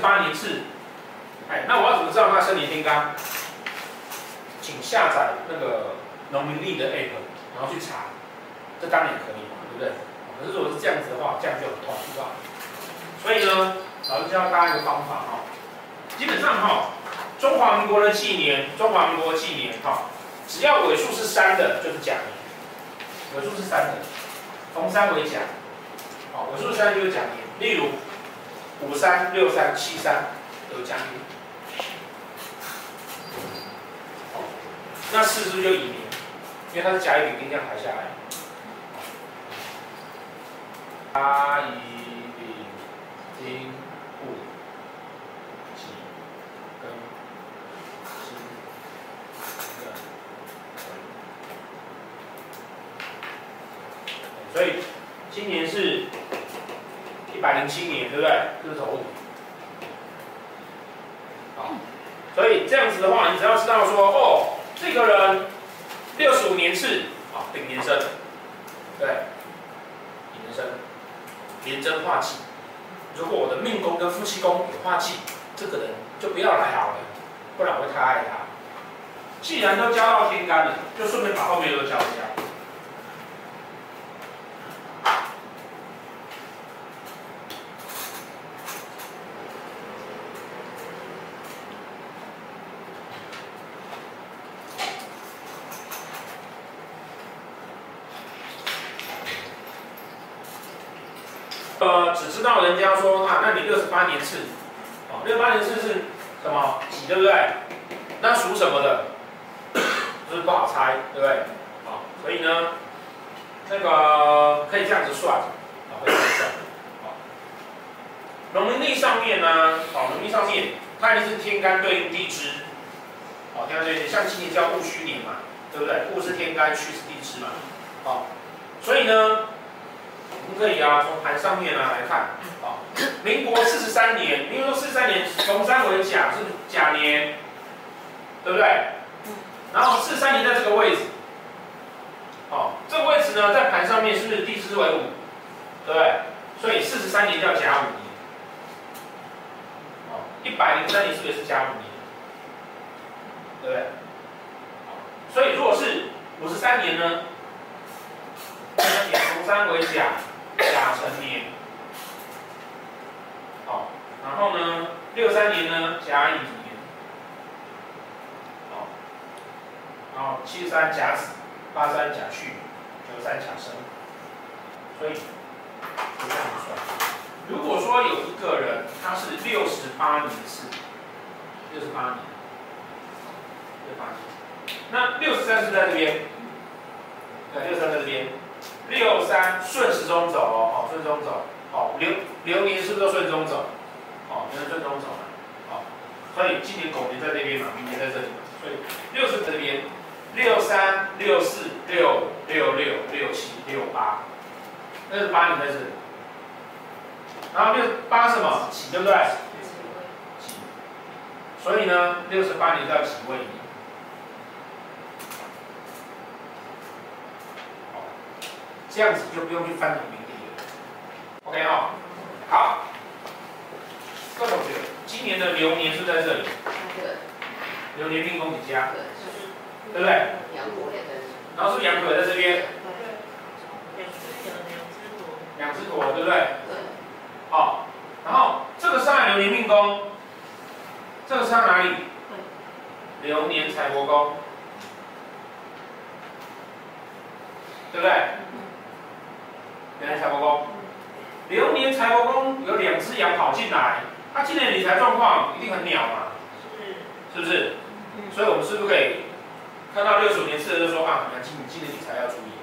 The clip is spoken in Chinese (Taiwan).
八年次。哎，那我要怎麼知道那生年天干？請下載那個農民曆的 app，然後去查，這當然也可以嘛，對不對？可是如果是這樣子的話，這樣就不好知吧？所以呢，老師教大家一個方法哈，基本上哈，中華民國的紀年，中華民國紀年哈，只要尾數是三的，就是甲年，尾數是三的，逢三為甲。好，尾數三就是甲年，例如。五三六三七三都加一那四是不是就乙年？因為它是甲乙丙丁這樣排下來，加一筆五，跟所以今年是。一百零七年，對不對？這是頭。好，所以這樣子的話，你只要知道說，哦，這個人六十五年次，啊、哦，丙年生，對，丙年生，廉貞化忌。如果我的命宮跟夫妻宮有化忌，這個人就不要來好了，不然我會太愛他。既然都交到天干了，就順便把後面的都交一下。呃，只知道人家說啊，那你六十八年次，六十八年次是什麼幾，對不對？那屬什麼的， 就是不好猜，對不對？好、哦，所以呢，那個可以這樣子算，好、哦，可以這樣子算，好、哦。農曆上面呢，好、哦，農曆上面它也是天干對應地支，好、哦，天干對應，像今年叫戊戌年嘛，對不對？戊是天干，戌是地支嘛，好、哦，所以呢。可以啊，從盤上面啊來看，啊、哦，民國四十三年，民國說四十三年逢三為甲，是甲年，對不對？然後四十三年在這個位置，好、哦，這個位置呢在盤上面是不是地支為午，對不對？所以四十三年叫甲午年，一百零三年是不是甲午年？對不對？所以如果是五十三年呢，逢三為甲。甲辰年，好、哦，然後呢？六三年呢？甲乙年，好、哦，然後七三甲子，八三甲戌，九三甲申，所以如果說有一個人，他是六十八年次六十八年，六十八年，那六三是不是在這邊、嗯，對，六三在這邊。六三順時鐘走哦，哦順時鐘走，哦流流年是不是都順時鐘走？哦，也是順時鐘走的，啊，哦，所以今年狗年在那邊嘛，明年在這裡嘛，所以六是這邊，六三六四六五六六六七六八，六十八你在這，然後六八是什麼？己對不對？己，所以呢，六十八你要起位。這樣子就不用去翻那名碟了。OK 啊、哦，好，各位同學，今年的流年是在這裡。啊、流年命宮在家？對。對不對？然後是，不是羊陀在這邊。兩隻羊，兩隻陀，對不對？好、哦，然後這個上來流年命宮，這個上來哪裡？流年財帛宮。對不對？嗯原來財帛宮，流年財帛宮有兩隻羊跑進來，他、啊、今年理財狀況一定很鳥嘛、啊，是是不是？所以我們是不是可以看到六十五年次的說啊，楊經理，今年理財要注意。